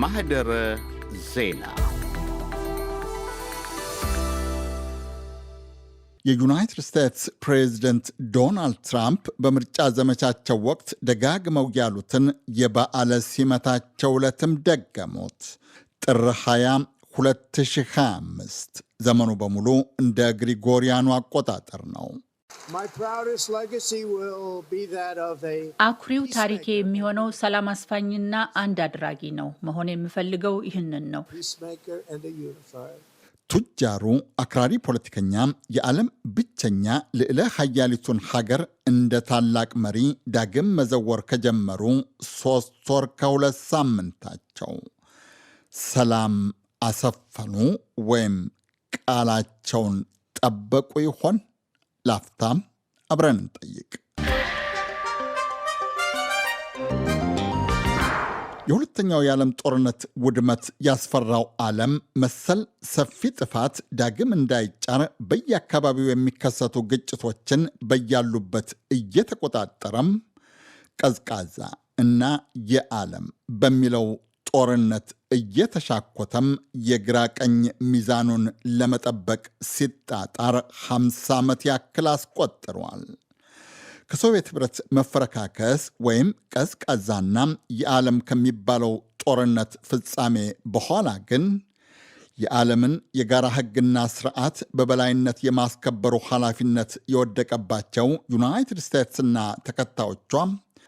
ማህደረ ዜና የዩናይትድ ስቴትስ ፕሬዝደንት ዶናልድ ትራምፕ በምርጫ ዘመቻቸው ወቅት ደጋግመው ያሉትን የበዓለ ሲመታቸው ዕለትም ደገሙት። ጥር 20 2025 ዘመኑ በሙሉ እንደ ግሪጎሪያኑ አቆጣጠር ነው። አኩሪው ታሪኬ የሚሆነው ሰላም አስፋኝና አንድ አድራጊ ነው። መሆን የምፈልገው ይህንን ነው። ቱጃሩ አክራሪ ፖለቲከኛ የዓለም ብቸኛ ልዕለ ሀያሊቱን ሀገር እንደ ታላቅ መሪ ዳግም መዘወር ከጀመሩ ሶስት ወር ከሁለት ሳምንታቸው ሰላም አሰፈኑ ወይም ቃላቸውን ጠበቁ ይሆን? ላፍታም አብረን እንጠይቅ። የሁለተኛው የዓለም ጦርነት ውድመት ያስፈራው ዓለም መሰል ሰፊ ጥፋት ዳግም እንዳይጫር በየአካባቢው የሚከሰቱ ግጭቶችን በያሉበት እየተቆጣጠረም ቀዝቃዛ እና የዓለም በሚለው ጦርነት እየተሻኮተም የግራ ቀኝ ሚዛኑን ለመጠበቅ ሲጣጣር 50 ዓመት ያክል አስቆጥሯል። ከሶቪየት ኅብረት መፈረካከስ ወይም ቀዝቃዛና የዓለም ከሚባለው ጦርነት ፍጻሜ በኋላ ግን የዓለምን የጋራ ሕግና ስርዓት በበላይነት የማስከበሩ ኃላፊነት የወደቀባቸው ዩናይትድ ስቴትስና ተከታዮቿ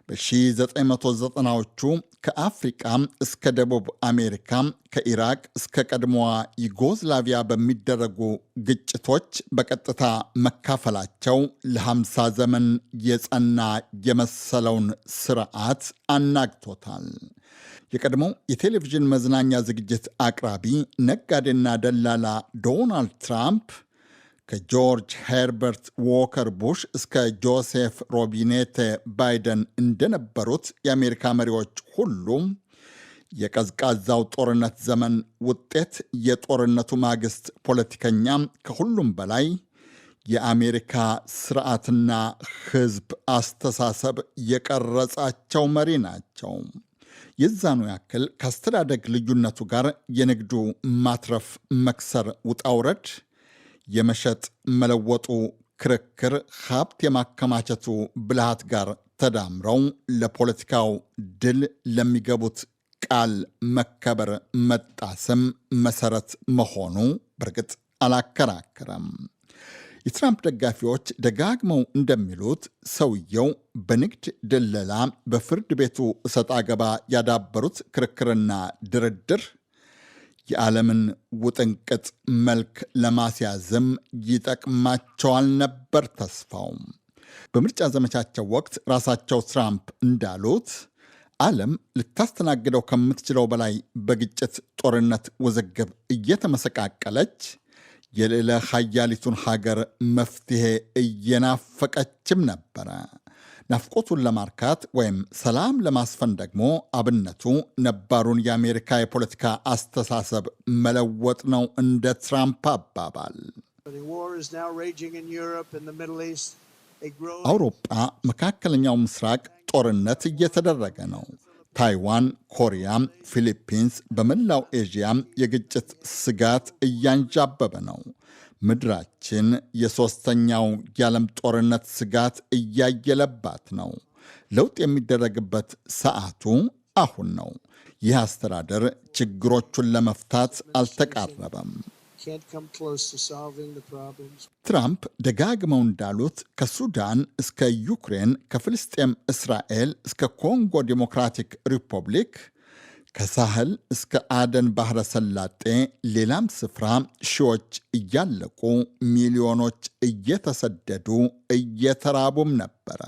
በ1990ዎቹ ከአፍሪቃ እስከ ደቡብ አሜሪካ ከኢራቅ እስከ ቀድሞዋ ዩጎዝላቪያ በሚደረጉ ግጭቶች በቀጥታ መካፈላቸው ለ50 ዘመን የጸና የመሰለውን ስርዓት አናግቶታል። የቀድሞው የቴሌቪዥን መዝናኛ ዝግጅት አቅራቢ ነጋዴና ደላላ ዶናልድ ትራምፕ ከጆርጅ ሄርበርት ዎከር ቡሽ እስከ ጆሴፍ ሮቢኔቴ ባይደን እንደነበሩት የአሜሪካ መሪዎች ሁሉም የቀዝቃዛው ጦርነት ዘመን ውጤት የጦርነቱ ማግስት ፖለቲከኛ ከሁሉም በላይ የአሜሪካ ስርዓትና ሕዝብ አስተሳሰብ የቀረጻቸው መሪ ናቸው። የዛኑ ያክል ከአስተዳደግ ልዩነቱ ጋር የንግዱ ማትረፍ መክሰር ውጣውረድ የመሸጥ መለወጡ ክርክር ሀብት የማከማቸቱ ብልሃት ጋር ተዳምረው ለፖለቲካው ድል ለሚገቡት ቃል መከበር መጣስም መሰረት መሆኑ በእርግጥ አላከራከረም። የትራምፕ ደጋፊዎች ደጋግመው እንደሚሉት ሰውየው በንግድ ድለላ በፍርድ ቤቱ እሰጥ አገባ ያዳበሩት ክርክርና ድርድር የዓለምን ውጥንቅጥ መልክ ለማስያዝም ይጠቅማቸዋል ነበር ተስፋውም። በምርጫ ዘመቻቸው ወቅት ራሳቸው ትራምፕ እንዳሉት ዓለም ልታስተናግደው ከምትችለው በላይ በግጭት ጦርነት፣ ውዝግብ እየተመሰቃቀለች የልዕለ ሀያሊቱን ሀገር መፍትሄ እየናፈቀችም ነበረ። ናፍቆቱን ለማርካት ወይም ሰላም ለማስፈን ደግሞ አብነቱ ነባሩን የአሜሪካ የፖለቲካ አስተሳሰብ መለወጥ ነው። እንደ ትራምፕ አባባል አውሮፓ፣ መካከለኛው ምስራቅ ጦርነት እየተደረገ ነው። ታይዋን፣ ኮሪያ፣ ፊሊፒንስ፣ በመላው ኤዥያ የግጭት ስጋት እያንዣበበ ነው። ምድራችን የሦስተኛው የዓለም ጦርነት ስጋት እያየለባት ነው። ለውጥ የሚደረግበት ሰዓቱ አሁን ነው። ይህ አስተዳደር ችግሮቹን ለመፍታት አልተቃረበም። ትራምፕ ደጋግመው እንዳሉት ከሱዳን እስከ ዩክሬን፣ ከፍልስጤም እስራኤል እስከ ኮንጎ ዲሞክራቲክ ሪፐብሊክ ከሳህል እስከ አደን ባህረ ሰላጤ ሌላም ስፍራ ሺዎች እያለቁ ሚሊዮኖች እየተሰደዱ እየተራቡም ነበረ።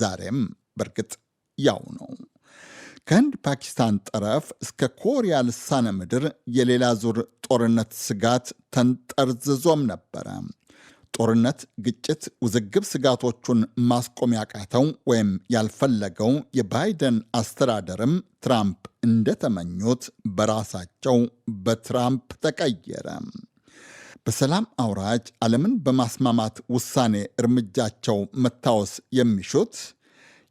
ዛሬም በርግጥ ያው ነው። ከህንድ ፓኪስታን ጠረፍ እስከ ኮሪያ ልሳነ ምድር የሌላ ዙር ጦርነት ስጋት ተንጠርዝዞም ነበረ። ጦርነት፣ ግጭት፣ ውዝግብ ስጋቶቹን ማስቆም ያቃተው ወይም ያልፈለገው የባይደን አስተዳደርም ትራምፕ እንደተመኙት በራሳቸው በትራምፕ ተቀየረ። በሰላም አውራጅ ዓለምን በማስማማት ውሳኔ እርምጃቸው መታወስ የሚሹት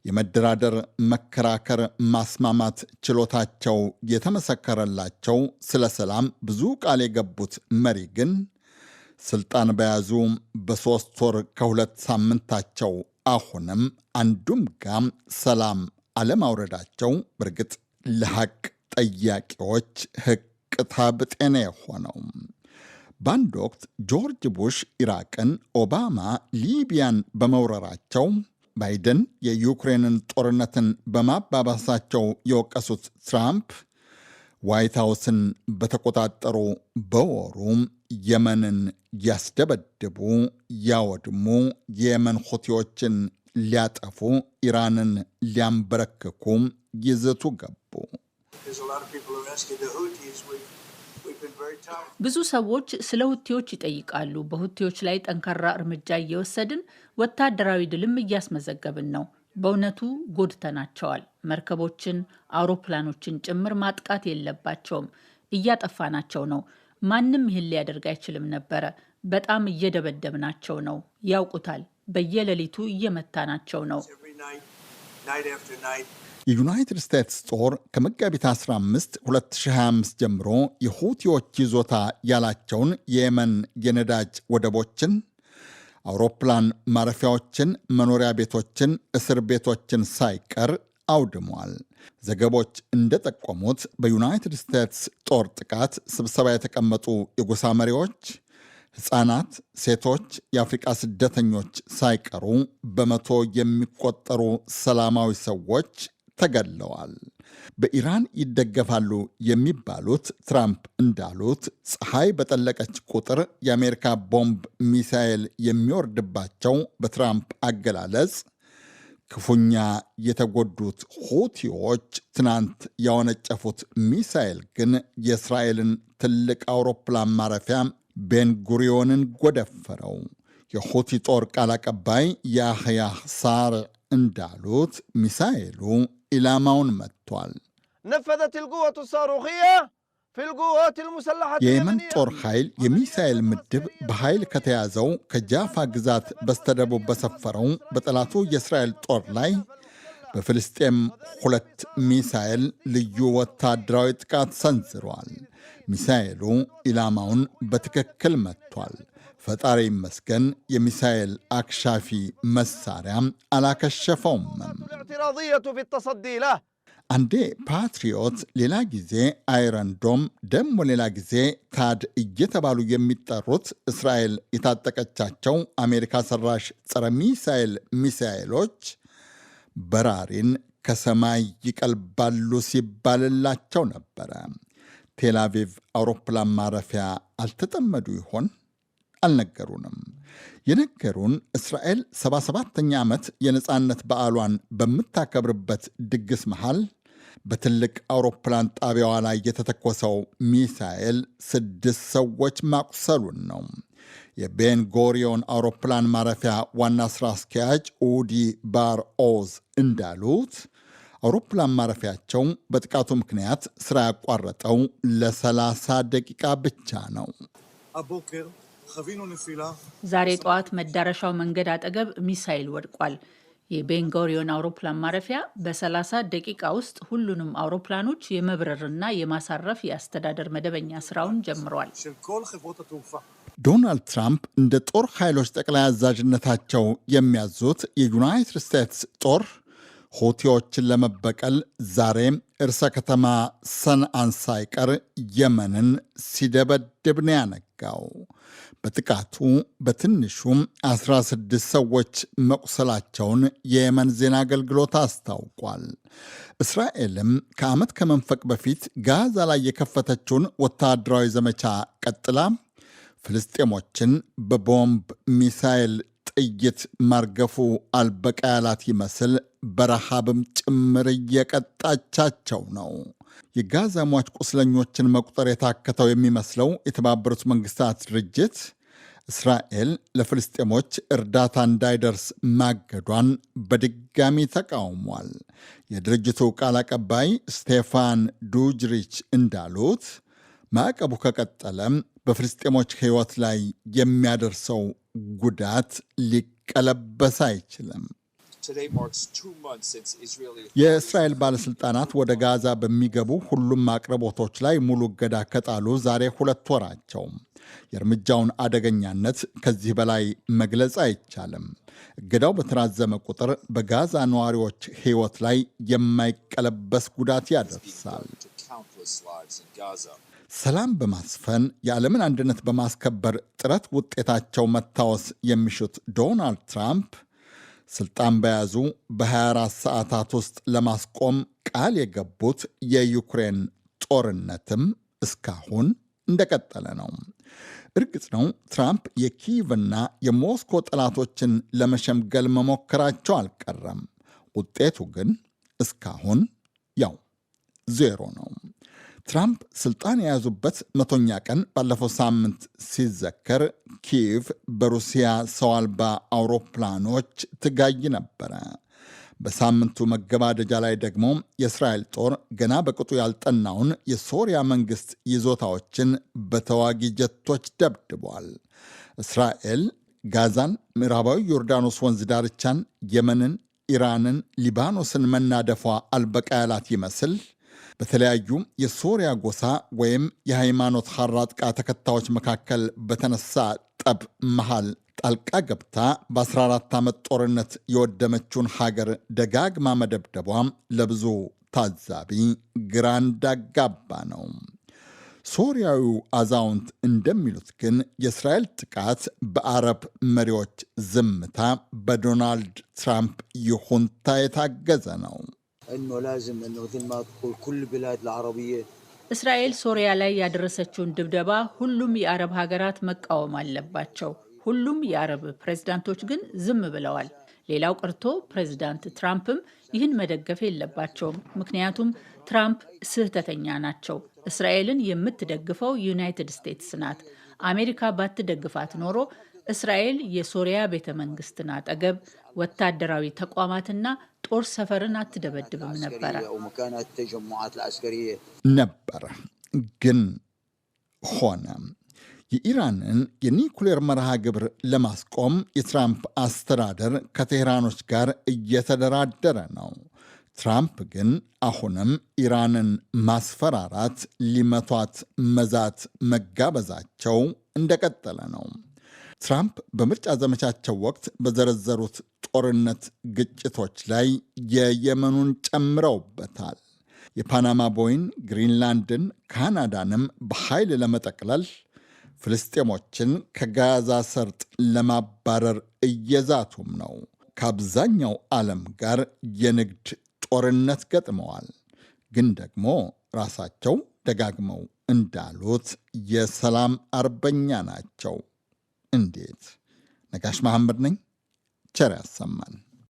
የመደራደር፣ መከራከር፣ ማስማማት ችሎታቸው የተመሰከረላቸው ስለ ሰላም ብዙ ቃል የገቡት መሪ ግን ስልጣን በያዙ በሶስት ወር ከሁለት ሳምንታቸው አሁንም አንዱም ጋም ሰላም አለማውረዳቸው በእርግጥ ለሐቅ ጠያቂዎች ህቅታ ብጤና የሆነው። በአንድ ወቅት ጆርጅ ቡሽ ኢራቅን፣ ኦባማ ሊቢያን በመውረራቸው ባይደን የዩክሬንን ጦርነትን በማባባሳቸው የወቀሱት ትራምፕ ዋይት በተቆጣጠሩ በወሩ የመንን ያስደበድቡ፣ ያወድሙ፣ የየመን ሁቲዎችን ሊያጠፉ፣ ኢራንን ሊያንበረክኩ ይዘቱ ገቡ። ብዙ ሰዎች ስለ ሁቲዎች ይጠይቃሉ። በሁቲዎች ላይ ጠንካራ እርምጃ እየወሰድን ወታደራዊ ድልም እያስመዘገብን ነው። በእውነቱ ጎድተናቸዋል። መርከቦችን፣ አውሮፕላኖችን ጭምር ማጥቃት የለባቸውም። እያጠፋናቸው ነው። ማንም ይህን ሊያደርግ አይችልም ነበረ። በጣም እየደበደብናቸው ነው። ያውቁታል። በየሌሊቱ እየመታናቸው ነው። የዩናይትድ ስቴትስ ጦር ከመጋቢት 15 2025 ጀምሮ የሁቲዎች ይዞታ ያላቸውን የየመን የነዳጅ ወደቦችን አውሮፕላን ማረፊያዎችን፣ መኖሪያ ቤቶችን፣ እስር ቤቶችን ሳይቀር አውድሟል። ዘገቦች እንደጠቆሙት በዩናይትድ ስቴትስ ጦር ጥቃት ስብሰባ የተቀመጡ የጎሳ መሪዎች፣ ሕፃናት፣ ሴቶች፣ የአፍሪቃ ስደተኞች ሳይቀሩ በመቶ የሚቆጠሩ ሰላማዊ ሰዎች ተገድለዋል። በኢራን ይደገፋሉ የሚባሉት ትራምፕ እንዳሉት ፀሐይ በጠለቀች ቁጥር የአሜሪካ ቦምብ ሚሳኤል የሚወርድባቸው በትራምፕ አገላለጽ ክፉኛ የተጎዱት ሁቲዎች ትናንት ያወነጨፉት ሚሳኤል ግን የእስራኤልን ትልቅ አውሮፕላን ማረፊያ ቤንጉሪዮንን ጎደፈረው። የሁቲ ጦር ቃል አቀባይ ያህያ ሳር እንዳሉት ሚሳኤሉ ኢላማውን መጥቷል። ነፈዘት ልቁወቱ ሳሩኪያ የየመን ጦር ኃይል የሚሳኤል ምድብ በኃይል ከተያዘው ከጃፋ ግዛት በስተደቡብ በሰፈረው በጠላቱ የእስራኤል ጦር ላይ በፍልስጤም ሁለት ሚሳኤል ልዩ ወታደራዊ ጥቃት ሰንዝሯል። ሚሳኤሉ ኢላማውን በትክክል መጥቷል። ፈጣሪ ይመስገን የሚሳኤል አክሻፊ መሳሪያ አላከሸፈውም። አንዴ ፓትሪዮት፣ ሌላ ጊዜ አይረንዶም፣ ደግሞ ሌላ ጊዜ ታድ እየተባሉ የሚጠሩት እስራኤል የታጠቀቻቸው አሜሪካ ሰራሽ ጸረ ሚሳኤል ሚሳኤሎች በራሪን ከሰማይ ይቀልባሉ ሲባልላቸው ነበረ። ቴላቪቭ አውሮፕላን ማረፊያ አልተጠመዱ ይሆን? አልነገሩንም። የነገሩን እስራኤል 77ኛ ዓመት የነፃነት በዓሏን በምታከብርበት ድግስ መሃል በትልቅ አውሮፕላን ጣቢያዋ ላይ የተተኮሰው ሚሳኤል ስድስት ሰዎች ማቁሰሉን ነው። የቤንጎሪዮን አውሮፕላን ማረፊያ ዋና ስራ አስኪያጅ ኡዲ ባር ኦዝ እንዳሉት አውሮፕላን ማረፊያቸው በጥቃቱ ምክንያት ስራ ያቋረጠው ለ30 ደቂቃ ብቻ ነው። ዛሬ ጠዋት መዳረሻው መንገድ አጠገብ ሚሳይል ወድቋል። የቤንጎሪዮን አውሮፕላን ማረፊያ በ30 ደቂቃ ውስጥ ሁሉንም አውሮፕላኖች የመብረርና የማሳረፍ የአስተዳደር መደበኛ ስራውን ጀምሯል። ዶናልድ ትራምፕ እንደ ጦር ኃይሎች ጠቅላይ አዛዥነታቸው የሚያዙት የዩናይትድ ስቴትስ ጦር ሁቲዎችን ለመበቀል ዛሬ እርሰ ከተማ ሰንአን ሳይቀር የመንን ሲደበድብ ነው ያነጋው። በጥቃቱ በትንሹም 16 ሰዎች መቁሰላቸውን የየመን ዜና አገልግሎት አስታውቋል። እስራኤልም ከዓመት ከመንፈቅ በፊት ጋዛ ላይ የከፈተችውን ወታደራዊ ዘመቻ ቀጥላ ፍልስጤሞችን በቦምብ ሚሳይል፣ ጥይት ማርገፉ አልበቃ ያላት ይመስል በረሃብም ጭምር እየቀጣቻቸው ነው። የጋዛ ሟች ቁስለኞችን መቁጠር የታከተው የሚመስለው የተባበሩት መንግስታት ድርጅት እስራኤል ለፍልስጤሞች እርዳታ እንዳይደርስ ማገዷን በድጋሚ ተቃውሟል። የድርጅቱ ቃል አቀባይ ስቴፋን ዱጅሪች እንዳሉት ማዕቀቡ ከቀጠለም በፍልስጤሞች ሕይወት ላይ የሚያደርሰው ጉዳት ሊቀለበስ አይችልም። የእስራኤል ባለሥልጣናት ወደ ጋዛ በሚገቡ ሁሉም አቅርቦቶች ላይ ሙሉ እገዳ ከጣሉ ዛሬ ሁለት ወራቸው። የእርምጃውን አደገኛነት ከዚህ በላይ መግለጽ አይቻልም። እገዳው በተራዘመ ቁጥር በጋዛ ነዋሪዎች ሕይወት ላይ የማይቀለበስ ጉዳት ያደርሳል። ሰላም በማስፈን የዓለምን አንድነት በማስከበር ጥረት ውጤታቸው መታወስ የሚሹት ዶናልድ ትራምፕ ስልጣን በያዙ በ24 ሰዓታት ውስጥ ለማስቆም ቃል የገቡት የዩክሬን ጦርነትም እስካሁን እንደቀጠለ ነው። እርግጥ ነው ትራምፕ የኪቭና የሞስኮ ጠላቶችን ለመሸምገል መሞከራቸው አልቀረም። ውጤቱ ግን እስካሁን ያው ዜሮ ነው። ትራምፕ ስልጣን የያዙበት መቶኛ ቀን ባለፈው ሳምንት ሲዘከር ኪየቭ በሩሲያ ሰው አልባ አውሮፕላኖች ትጋይ ነበረ። በሳምንቱ መገባደጃ ላይ ደግሞ የእስራኤል ጦር ገና በቅጡ ያልጠናውን የሶሪያ መንግስት ይዞታዎችን በተዋጊ ጀቶች ደብድቧል። እስራኤል ጋዛን፣ ምዕራባዊ ዮርዳኖስ ወንዝ ዳርቻን፣ የመንን፣ ኢራንን፣ ሊባኖስን መናደፏ አልበቃ ያላት ይመስል በተለያዩ የሶሪያ ጎሳ ወይም የሃይማኖት ሀራጥቃ ተከታዮች መካከል በተነሳ ጠብ መሃል ጣልቃ ገብታ በ14 ዓመት ጦርነት የወደመችውን ሀገር ደጋግማ መደብደቧ ለብዙ ታዛቢ ግራ እንዳጋባ ነው። ሶሪያዊው አዛውንት እንደሚሉት ግን የእስራኤል ጥቃት በአረብ መሪዎች ዝምታ፣ በዶናልድ ትራምፕ ይሁንታ የታገዘ ነው። انه لازم انه مثل ما تقول كل البلاد العربيه እስራኤል ሶሪያ ላይ ያደረሰችውን ድብደባ ሁሉም የአረብ ሀገራት መቃወም አለባቸው። ሁሉም የአረብ ፕሬዝዳንቶች ግን ዝም ብለዋል። ሌላው ቀርቶ ፕሬዝዳንት ትራምፕም ይህን መደገፍ የለባቸውም። ምክንያቱም ትራምፕ ስህተተኛ ናቸው። እስራኤልን የምትደግፈው ዩናይትድ ስቴትስ ናት። አሜሪካ ባትደግፋት ኖሮ እስራኤል የሶሪያ ቤተ መንግስትን አጠገብ ወታደራዊ ተቋማትና ጦር ሰፈርን አትደበድብም ነበረ ነበረ ግን ሆነ። የኢራንን የኒኩሌር መርሃ ግብር ለማስቆም የትራምፕ አስተዳደር ከቴህራኖች ጋር እየተደራደረ ነው። ትራምፕ ግን አሁንም ኢራንን ማስፈራራት፣ ሊመቷት መዛት መጋበዛቸው እንደቀጠለ ነው። ትራምፕ በምርጫ ዘመቻቸው ወቅት በዘረዘሩት ጦርነት ግጭቶች ላይ የየመኑን ጨምረውበታል። የፓናማ ቦይን፣ ግሪንላንድን፣ ካናዳንም በኃይል ለመጠቅለል ፍልስጤሞችን ከጋዛ ሰርጥ ለማባረር እየዛቱም ነው። ከአብዛኛው ዓለም ጋር የንግድ ጦርነት ገጥመዋል። ግን ደግሞ ራሳቸው ደጋግመው እንዳሉት የሰላም አርበኛ ናቸው። እንዴት! ነጋሽ መሐመድ ነኝ። ቸር ያሰማን።